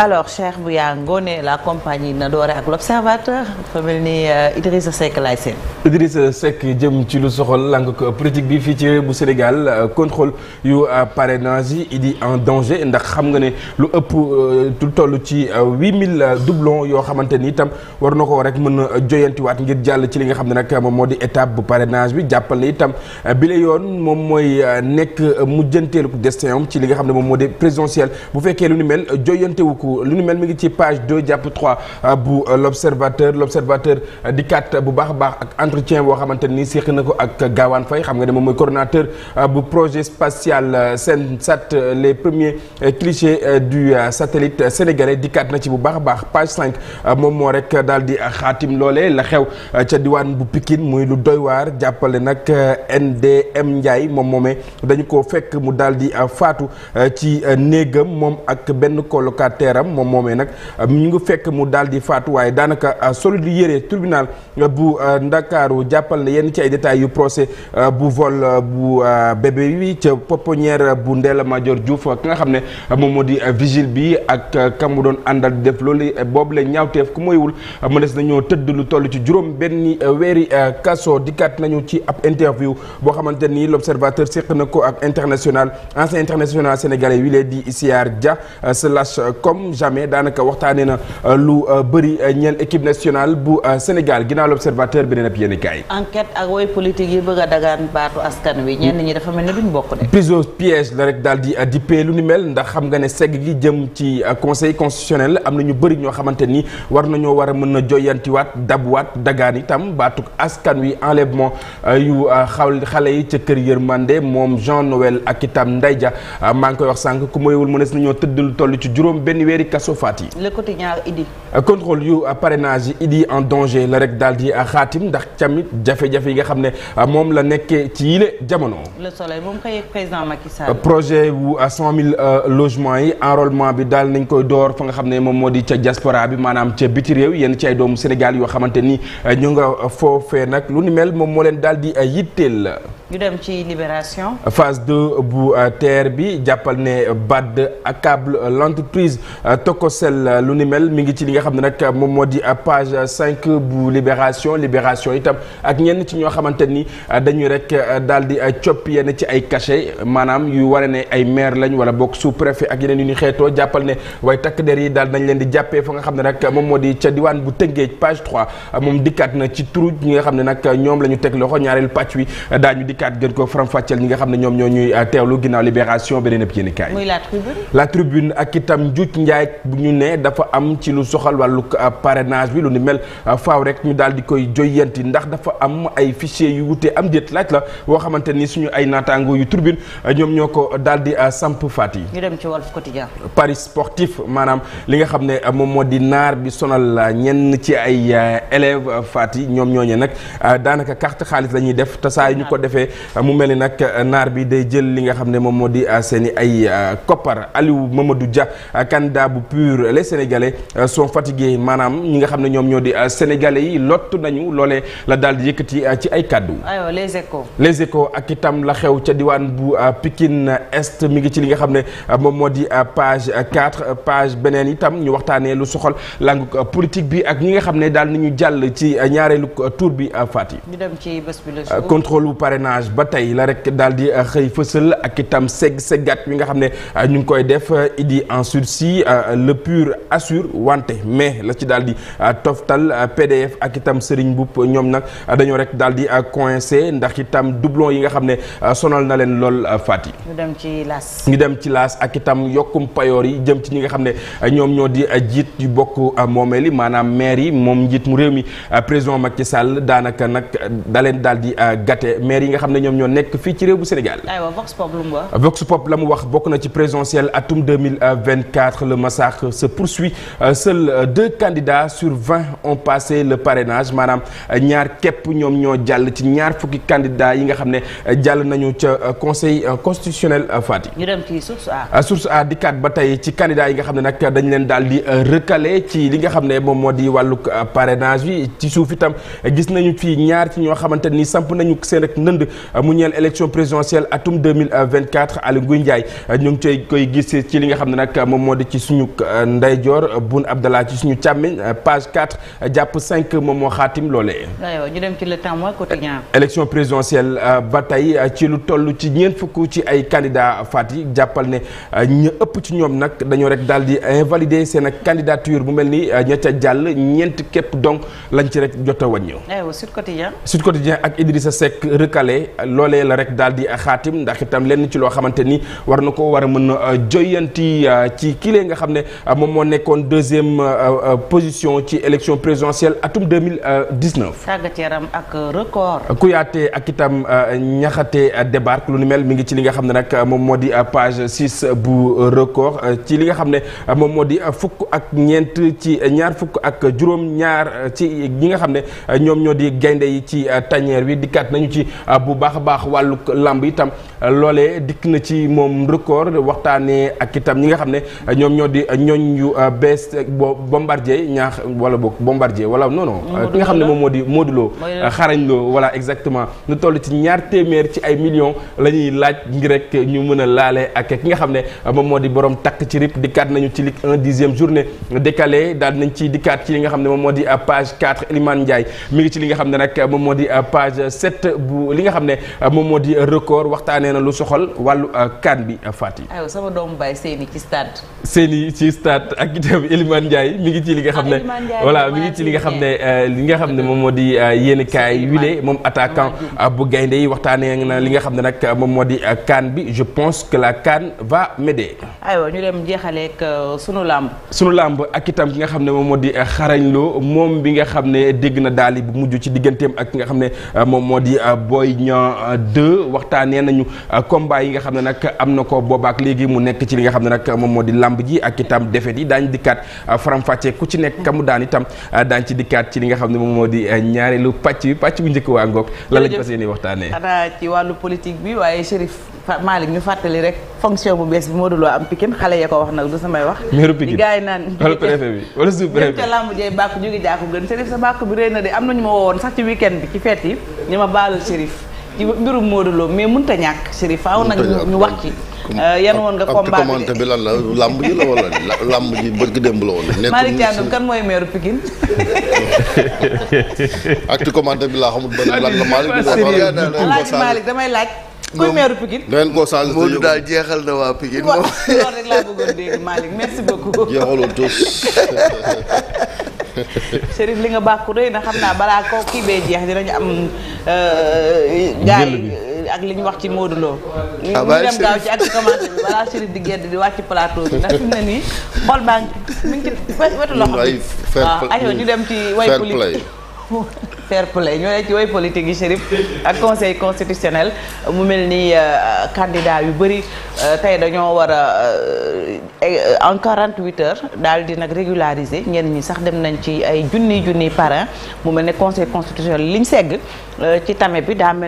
alors Cheikh Bouya ngoonee la compagnie na doore ak l'observateur dafa mel ni euh, Idrissa Seck laay seen. Idrissa jëm ci lu soxal langue politique bi fii ci bu Sénégal euh, contrôle yu euh, parrainage yi idi en danger ndax xam nga ne lu ëpp lu toll ci mille doublons yoo xamante ni itam war na ko rek mën a joyantiwaat ngir jàll ci li nga xam ne nag moom moo di étape bu parenage bi jàppal na itam bi la yoon moom mooy nekk mujjanteelu destin am ci li nga xam ne moom moo di bu fekkee lu ko sàkku lu ñu mel mi ngi ci page 2 jàpp 3 euh, bu euh, l'observateur l'observateur euh, di kat bu baax a baax ak entretien boo xamante ni séq na ko ak gaawaan Faye xam nga ne moom mooy bu projet spatial Sensat les premiers clichés du satellite sénégalais di na ci bu baax a baax page 5 moom moo rek daal di xaatim loolee la xew ca diwaan bu Pikine muy lu doy waar jàppale nag NDM Ndiaye moom moomee dañu ko fekk mu daal di faatu ci néegam moom ak benn colocataire yaram moom moomee nag euh, ñu ngi fekk mu daal di faatu waaye daanaka euh, solo di yëree tribunal euh, bu Ndakaaru jàppal na yenn ci ay détails yu procès bu vol bu bébé bi ca pouponnière bu Ndella Madior Diouf ki nga xam ne moom moo di vigile bi ak mu doon àndal di def loolu boobu la ñaawteef ku moywul mu des nañoo tëdd lu toll ci juróom benn weeri kaso dikkaat nañu ci ab interview boo xamante ni l'observateur séq na ko ak international ancien international sénégalais wi di comme jamais daanaka waxtaanee na euh, lu euh, bëri euh, ñeel équipe nationale bu Sénégal ginnaaw l'observateur beneen ab yéen kaay. enquête ak way politique yi bëgg a dagaan baatu askan wi ñenn ñi dafa mel ni duñ bokk de. piso piège la rek di di pay lu ni mel ndax xam nga ne segg gi jëm ci conseil constitutionnel am na ñu bëri ñoo xamante ni war nañoo war a mën a joyantiwaat dabuwaat dagaan itam baatu askan wi enlèvement yu xaw xale yi ca kër yërmande moom Jean Noël ak itam Ndeye Dia maa ngi koy wax fanweeri kaso faat yi. le quotidien Idi. contrôle yu parrainage yi en danger la rek daal di xaatim ndax tamit jafe-jafe yi nga xam ne moom la nekkee ci yile jamono. le soleil moom kay président Macky Sall. projet wu cent mille euh, logements yi enrôlement bi daal nañ koy door fa nga xam ne moom moo di ca diaspora bi maanaam ca biti réew yenn ci doomu Sénégal yoo xamante ni euh, ñu nga foofee nag lu ni mel moom moo leen daal di euh, yitteel. ñu dem ci libération. phase deux bu euh, TER bi jàppal ne BAD accable euh, l'entreprise euh, Tocosel lu ni mel mu ngi ci li nga xam ne nag moom moo di page cinq bu libération libération itam ak ñenn ci ñoo xamante ni dañuy rek daal di coppi yenn ci ay cachet maanaam yu wane ne ay maire lañ wala bokk sous préfet ak yeneen yu ñu xeetoo jàppal ne waaye takk der yi daal dañ leen di jàppee fa nga xam ne nag moom moo di ca diwaan bu tëngeej page trois moom dikkaat na ci turu ñi nga xam ne nag ñoom la ñu teg loxo ñaareelu wi 4 gën koo faram-fàcceel ñi nga xam ne ñoom ñoo ñuy ah, teewlu ginnaaw libération beneen ab yéen kaay. la tribune. la tribune ak itam njuuj njaaj bu ñu ne dafa am ci lu soxal wàllu ah, parrainage bi lu ni mel ah, faaw rek ñu daal di koy joyanti ndax dafa am ay fichier yu wute am déet laaj la boo xamante ni suñu ay naataango yu tribune ñoom ñoo ko daal di samp faat yi. ñu dem ci Walf Quotidien. Paris sportif maanaam li nga xam ne moom moo di naar bi sonal ñenn ci ay élèves faat yi ñoom ñooñu nag daanaka carte xaalis la foofee euh, mu mel ni nag euh, naar bi day jël li nga xam ne moom moo di euh, seen i ay koppar ma Mamadou Dia candidat bu pur les sénégalais sont fatigués maanaam ñi nga xam ne ñoom ñoo di sénégalais yi lot nañu loole la daal di yëkkati ci ay kàddu. le les échos. ak itam la xew ca diwaan bu Pikine Est mi ngi ci li nga xam ne moom moo di page 4 page beneen itam ñu waxtaanee lu soxal langue politique bi ak ñi nga xam ne daal nañu jàll ci ñaareelu tour bi Fatick. ñu dem ci bés bi parrainage ba tey la rek daal di euh, xëy fësal ak itam segg seggat wi nga xam ne euh, ñu ngi koy def euh, Idy en sursis le pur assure wante mais la ci daal di toftal pdf ak itam Serigne Mboup ñoom nag dañoo rek daal di coincé ndax itam doublon yi nga xam ne sonal na leen lool Fatick. ñu dem ci las. ñu dem ci las ak itam yokkum payoor yi jëm ci ñi nga xam ne ñoom ñoo di jiit yu bokk moomeel yi maanaam maire yi moom njiit mu réew mi président Macky Sall daanaka nag da leen daal di yi nga xam ne ñoo nekk fii ci réew bu Sénégal. aywa Vox Pop la mu wax bokk na ci présidentielle atum 2024 le massacre se poursuit euh, seuls euh, deux candidats sur vingt on passé le parrainage maanaam euh, ñaar képp ñoom ñoo jàll ci ñaar fukki candidats yi nga xam ne jàll nañu ca conseil constitutionnel Fatick. ñu dem ci source A. source di kat ba tey ci candidats yi nga xam ne nag dañ leen daal di recalé ci li nga xam ne moom moo di wàllug parrainage yi ci suuf itam gis nañu fii ñaar ci ñoo xamante ni samp na seen Euh, mu ñeel élection présidentielle atum 2024 Aly Ngouille Ndiaye euh, ñu ngi cay koy gis ci li nga xam ne nag moom moo di ci suñu euh, ndeyjoor Boun Abdallah ci suñu càmmiñ page 4 jàpp 5 moom moo xaatim loolee. waaw ñu dem ci le Témoin quotidien. élection ba tey ci lu toll ci ñeent fukk ci ay candidats faat yi jàppal ne ñu ëpp ci ñoom nag dañoo rek daal di invalider seen ak candidature bu mel ni ña ca jàll ñeent képp donc lañ ci rek jot a wàññi. waaw Sud Quotidien. Sud Quotidien ak waaye la rek daal di xaatim ndax itam lenn ci loo xamante ni war na ko war a mën a euh, joyanti euh, ci kilee nga xam ne euh, moom moo nekkoon deuxième position ci élection présidentielle atum 2019. tàggat yaram ak record. Kouyaté ak itam ñaxate débarque lu ni mel mi ngi ci li nga xam ne nag moom moo di page six bu record ci li nga xam ne moom moo di fukk ak ñeent ci ñaar fukk ak juróom ñaar ci ñi nga xam ne ñoom ñoo di gaynde yi ci tanière bi dikkaat nañu ci. bu baax a baax wàllu lamb itam loolee dikk na ci moom record waxtaanee ak itam ñi nga xam ne ñoom ñoo di ñooñ yu euh, bees bo bombardier ñaax wala boog bombardier wala non non. ki nga xam ne moom moo di Modou Lo euh, xarañ Lo voilà exactement ñu toll ci ñaar téeméer ci ay millions la ñuy laaj ngir rek ñu mën a laale ak ki nga xam ne moom moo di borom takk ci rip dikkaat nañu ci ligue un dixième journée décalé daal nañ ci dikkaat ci li nga xam ne moom moo di euh, page xam ne euh, moom moo di record waxtaanee na lu soxal wàllu euh, kan bi euh, Fati. aywa sama doomu baay Seyni ci stade. Seyni ci stade ak itam Elimane Ndiaye mi ngi ci li nga xam ne. Ah, voilà mi ngi li nga xam ne li nga xam ne moom moo di yéen kaay wile moom attaquant bu gaynde yi waxtaanee na li nga xam ne nag moom moo di kan bi je pense que la CAN va m'aider. aywa ñu dem jeexalee ak sunu làmb. sunu làmb ak itam ki nga xam ne moom moo di xarañ moom bi nga xam ne dégg na daal bu mujj ci digganteem ak nga xam ne moom moo di booy Niang euh, waxtaanee nañu euh, combat yi nga xam ne nag am na ko boobaak léegi mu nekk ci li nga xam ne nag moom moo di lamb ji ak itam defet yi daañ dikkaat euh, faram-fàccee ku ci nekk kamu daan itam daañ ci dikkaat ci li nga xam ne moom moo di ñaareelu pàcc bi pàcc bu njëkk waa ngoog lan lañ fas yéene waxtaanee xanaa ci wàllu politique bi waaye Chérif Malick ñu fàttali rek fonction bu bees bi moo duloo am Pikine xale ya ko wax nag du samay wax meeru Pikine gars ca na de am nañu ma woowoon sax ci week-end bi ci fête ci mbirum Modou Lo mais mënut a ñàkk Chérif faaw nag ñu wax ci. Euh, yan woon nga commenté bi lan la làmb ji la wala làmb ji bëgg démb la woon. nekkul Malick Thiandoum kan damay laaj. kuy maire Pikine. da ngeen koo daal jeexal na waa Pikine moom. laa bëggoon dégg Malick merci beaucoup. Chérif li nga ku rëy na xam naa balaa ko kii bee jeex dinañu am euh, gaa yi ak li ñu wax ci Modou Lo ñu ah, gaaw ci ak commentaire bi balaa Chérif di gedd di wàcc plateau bi ndax fi mu ne nii xol baa ngi mi ngi ci wetu loxo bi waaw ayoo ñu dem ci way politique fair play ñoo ne ci way politique yi Chérif ak conseil constitutionnel mu mel ni euh, candidat yu bëri euh, tey dañoo war a euh, en 48 heures dal di nag régulariser ñenn ñi sax dem nañ ci ay junni junni parrain mu mel ne conseil constitutionnel liñ segg ci tame bi daa mel